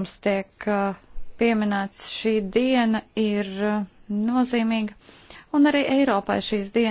mums tiek pieminēts šī diena, ir nozīmīga. Un arī Eiropai šīs dienas.